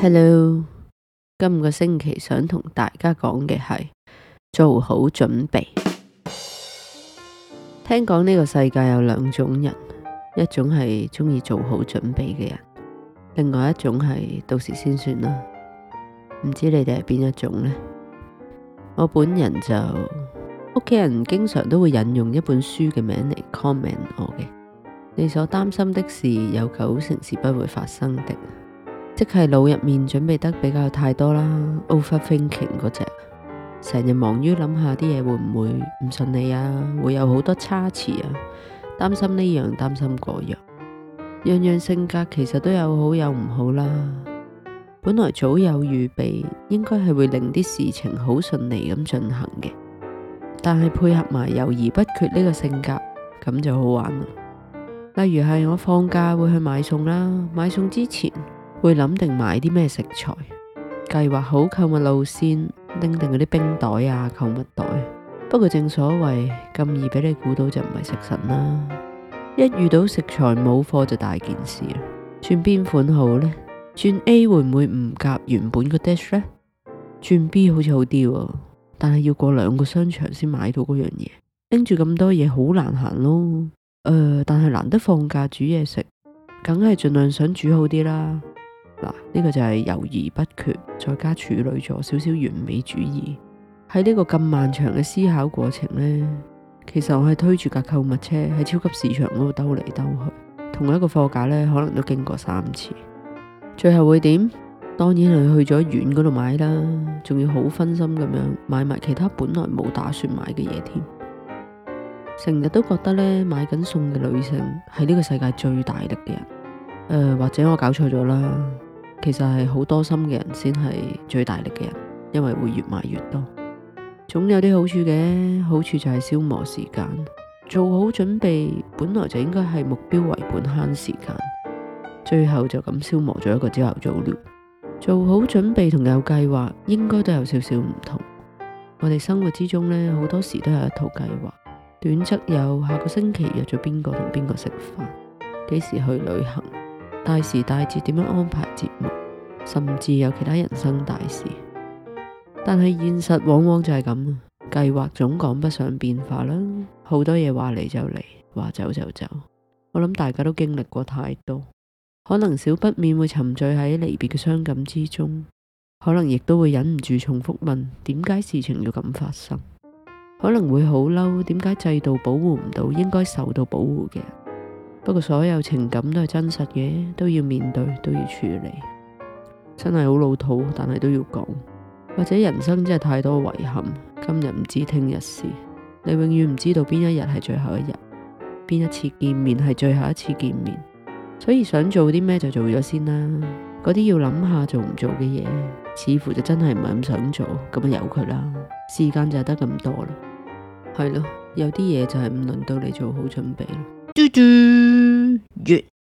Hello，今個星期想同大家講嘅係做好準備。聽講呢個世界有兩種人，一種係鍾意做好準備嘅人，另外一種係到時先算啦。唔知你哋係邊一種呢？我本人就，屋企人經常都會引用一本書嘅名嚟 comment 我嘅。你所擔心的事有九成是不會發生的，即係腦入面準備得比較太多啦，overthinking 嗰隻，成日、那個、忙於諗下啲嘢會唔會唔順利啊，會有好多差池啊，擔心呢樣擔心嗰樣，樣樣性格其實都有好有唔好啦。本來早有預備，應該係會令啲事情好順利咁進行嘅，但係配合埋猶豫不決呢個性格，咁就好玩啦。例如係我放假會去買餸啦，買餸之前會諗定買啲咩食材，計劃好購物路線，拎定嗰啲冰袋啊、購物袋。不過正所謂咁易俾你估到就唔係食神啦，一遇到食材冇貨就大件事啦。轉邊款好呢？轉 A 會唔會唔夾原本個 dessert 呢？轉 B 好似好啲喎，但係要過兩個商場先買到嗰樣嘢，拎住咁多嘢好難行咯。誒、呃，但係難得放假煮嘢食，梗係盡量想煮好啲啦。嗱，呢個就係猶豫不決，再加處女座少少完美主義，喺呢個咁漫長嘅思考過程呢，其實我係推住架購物車喺超級市場嗰度兜嚟兜去，同一個貨架呢，可能都經過三次，最後會點？當然係去咗遠嗰度買啦，仲要好分心咁樣買埋其他本來冇打算買嘅嘢添。成日都覺得呢，買緊餸嘅女性係呢個世界最大力嘅人。誒、呃，或者我搞錯咗啦，其實係好多心嘅人先係最大力嘅人，因為會越買越多，總有啲好處嘅。好處就係消磨時間，做好準備本來就應該係目標為本慳時間，最後就咁消磨咗一個朝頭早了。做好準備同有計劃應該都有少少唔同。我哋生活之中呢，好多時都有一套計劃。短則有下個星期約咗邊個同邊個食飯，幾時去旅行，大時大節點樣安排節目，甚至有其他人生大事。但係現實往往就係咁，計劃總講不上變化啦。好多嘢話嚟就嚟，話走就走。我諗大家都經歷過太多，可能少不免會沉醉喺離別嘅傷感之中，可能亦都會忍唔住重複問：點解事情要咁發生？可能會好嬲，點解制度保護唔到應該受到保護嘅人？不過所有情感都係真實嘅，都要面對，都要處理。真係好老土，但係都要講。或者人生真係太多遺憾，今日唔知聽日事，你永遠唔知道邊一日係最後一日，邊一次見面係最後一次見面。所以想做啲咩就做咗先啦。嗰啲要諗下做唔做嘅嘢，似乎就真係唔係咁想做，咁由佢啦。時間就得咁多啦。係咯，有啲嘢就係唔輪到你做好準備啦。嘟嘟嘟嘟。 yeah.